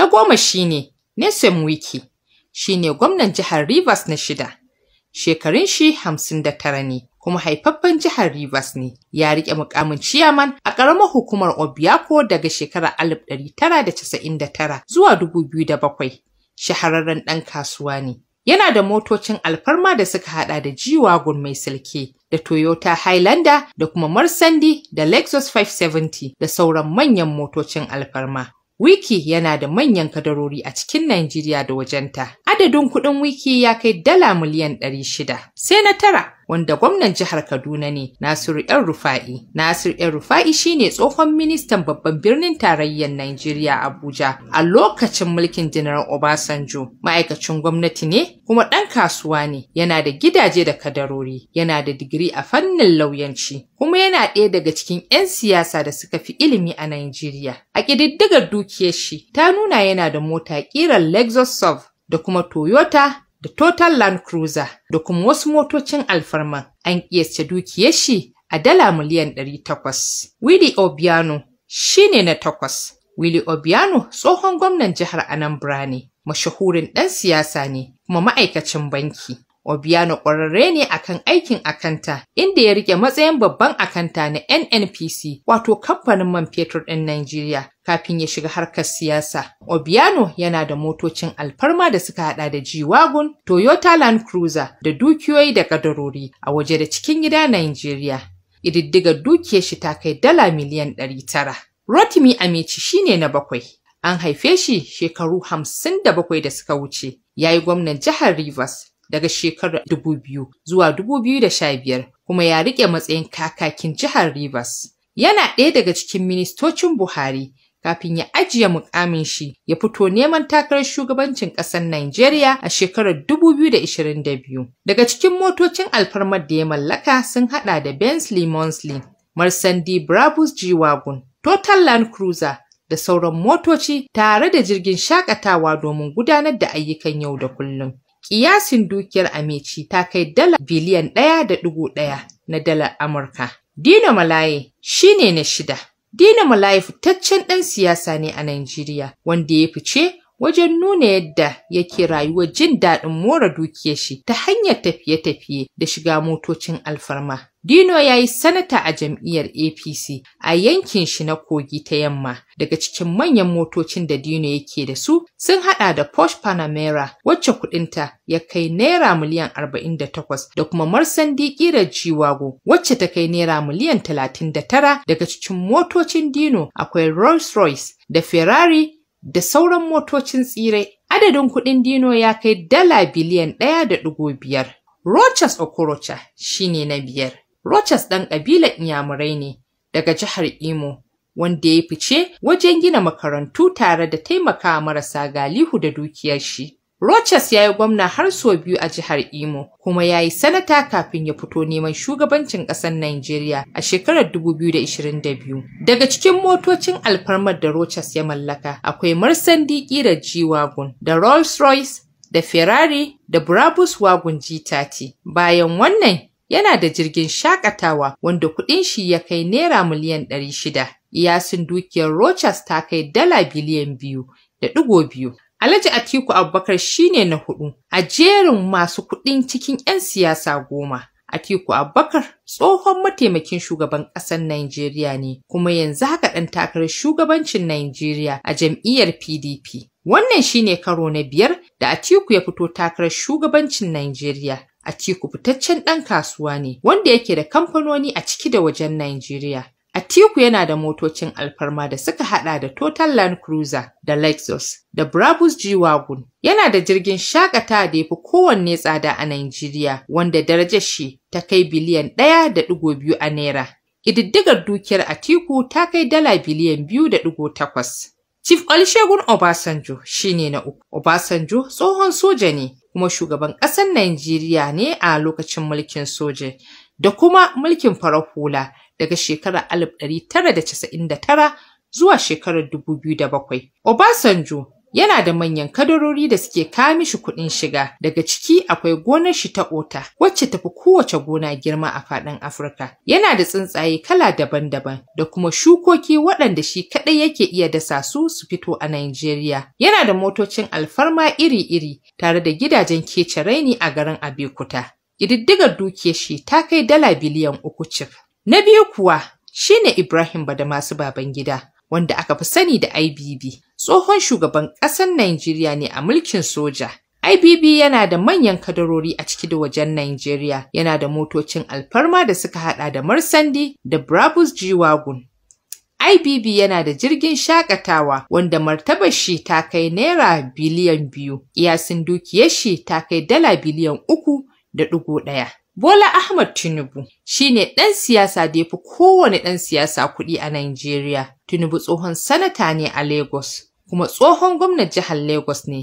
Na goma shine Nelson Wiki, shine gwamnan jihar Rivers na shida. Shekarun shi hamsin da tara ne, kuma haifaffen jihar Rivers ne. Ya riƙe mukamin ciyaman a ƙaramar hukumar Obiako daga shekarar alif ɗari tara da da casa'in tara zuwa dubu biyu da bakwai, Shahararren ɗan kasuwa ne. Yana da motocin alfarma da suka haɗa da G-Wagon mai silke, da Toyota Highlander, da kuma Marsandi da Lexus 570 da sauran manyan motocin alfarma. Wiki yana da manyan kadarori a cikin Najeriya da wajenta. Adadin kuɗin Wiki ya kai dala miliyan ɗari shida. Sai na tara, wanda gwamnan jihar Kaduna ne Nasiru ‘yan Rufa'i. Nasiru ‘yan Rufa'i ne tsohon ministan babban birnin tarayyar Najeriya Abuja a lokacin mulkin janaral Obasanjo. Ma'aikacin gwamnati ne kuma ɗan kasuwa ne yana da gidaje da kadarori yana da digiri a fannin lauyanci kuma yana ɗaya daga cikin 'yan siyasa da suka fi ilimi a Najeriya. A ƙididdigar dukiyar shi ta nuna yana da mota ƙirar Lexus Sov da kuma Toyota da Total Land Cruiser da kuma wasu motocin alfarma, an kiyasta dukiyar shi a dala miliyan 800. Willy Obiano shi ne na takwas. Willy Obiano tsohon gwamnan jihar Anambra ne, mashahurin ɗan siyasa ne kuma ma'aikacin banki. Obiano ƙwararre ne akan aikin akanta, inda ya rike matsayin babban akanta na NNPC, wato kamfanin man fetur ɗin Najeriya, kafin ya shiga harkar siyasa. Obiano yana da motocin alfarma da suka hada da G-Wagon, Toyota Land Cruiser da dukiyoyi da kadarori a waje da cikin gida Najeriya. Ƙididdigar dukiyar shi ta kai dala miliyan ɗari tara. Rotimi Amici shine na bakwai. An haife shi shekaru hamsin da bakwai da suka wuce. Ya yi gwamnan jihar Rivers daga shekarar 2000 zuwa 2015 kuma ya rike matsayin kakakin jihar Rivers. Yana ɗaya daga cikin ministocin Buhari kafin ya ajiye mukamin shi ya fito neman takarar shugabancin ƙasar Najeriya a shekarar 2022. Daga cikin motocin alfarmar da ya mallaka sun haɗa da Benz Limonsley, Marsandi Brabus G-Wagon, Total Land Cruiser da sauran motoci tare da jirgin shakatawa domin gudanar da ayyukan yau da kullum. Kiyasin dukiyar Amici ta kai dala biliyan ɗaya da ɗigo ɗaya na dalar Amurka. Dina Malaye shi ne na shida. Dina Malaye fitaccen ɗan siyasa ne a Najeriya wanda ya fice wajen nuna yadda yake rayuwa jin daɗin more dukiyar shi ta hanyar tafiye-tafiye da shiga motocin alfarma. Dino ya yi sanata a jam'iyyar APC a yankin shi na kogi ta yamma. Daga cikin manyan motocin da Dino yake da su sun hada da Porsche Panamera wacce kudinta ya kai naira miliyan 48 da kuma Marsandi kirar Jiwago wacce ta kai naira miliyan 39 daga cikin motocin Dino akwai Rolls-Royce da Ferrari da sauran motocin tsirai adadin kuɗin dino ya kai dala biliyan ɗaya da ɗigo biyar. Rochas Okorocha shi ne na biyar. Rochas ɗan ƙabilar Inyamurai ne daga jihar Imo wanda ya fice wajen gina makarantu tare da taimaka marasa galihu da dukiyar shi. Rochas ya yi gwamna har sau biyu a jihar Imo, kuma ya yi sanata kafin ya fito neman shugabancin ƙasar Najeriya a shekarar 2022. Daga cikin motocin alfarmar da Rochas ya mallaka, akwai Marsandi ƙirar G-Wagon da Rolls-Royce da Ferrari da Brabus Wagon G30. Bayan wannan, yana da jirgin shakatawa wanda kuɗin shi ya kai naira miliyan ɗari shida. Iyasin dukiyar Rochas ta kai dala biliyan biyu da ɗigo biyu. Alhaji Atiku Abubakar shine na hudu a jerin masu kuɗin cikin 'yan siyasa goma. Atiku Abubakar tsohon mataimakin shugaban ƙasar Najeriya ne kuma yanzu haka ɗan takarar shugabancin Najeriya a jam'iyyar PDP. Wannan shine karo na biyar da Atiku ya fito takarar shugabancin Najeriya. Atiku fitaccen ɗan kasuwa ne wanda yake da kamfanoni a ciki da wajen Najeriya. Atiku yana da motocin alfarma da suka hada da Total Land Cruiser da Lexus da Brabus G-Wagon. Yana da jirgin shakata da ya fi kowanne tsada a Najeriya wanda darajar shi ta kai biliyan ɗaya da ɗigo biyu a Naira. Ƙididdigar dukiyar Atiku ta kai dala biliyan biyu da ɗigo takwas. Chief Olusegun Obasanjo shi ne na uku. Obasanjo tsohon soja ne kuma shugaban ƙasar Najeriya ne a lokacin mulkin soja da kuma mulkin farar hula daga shekarar 1999 zuwa shekarar 2007. Obasanjo yana da manyan kadarori da suke kawo mishi kuɗin shiga daga ciki akwai gonar shi ta ota wacce tafi kowace gona girma a faɗin afirka yana da tsuntsaye kala daban-daban da kuma shukoki waɗanda shi kaɗai yake iya dasa su su fito a Najeriya. yana da motocin alfarma iri-iri tare da gidajen kece raini a garin abekuta ƙididdigar dukiyar shi ta kai dala biliyan uku cif Na biyu kuwa shi ne Ibrahim Badamasu Babangida wanda aka fi sani da IBB. Tsohon shugaban ƙasar Najeriya ne a mulkin soja. IBB yana da manyan kadarori a ciki da wajen Najeriya, yana da motocin alfarma da suka haɗa da Marsandi da Brabus G-Wagon. IBB yana da jirgin shakatawa wanda martabar shi ta kai naira biliyan biyu, iyasin dukiyar shi ta kai dala biliyan uku da ɗigo ɗaya. Bola Ahmad Tinubu shine ne ɗan siyasa da yafi kowane ɗan siyasa kuɗi a Najeriya. Tinubu tsohon sanata ne a Lagos, kuma tsohon gwamnan jihar Lagos ne.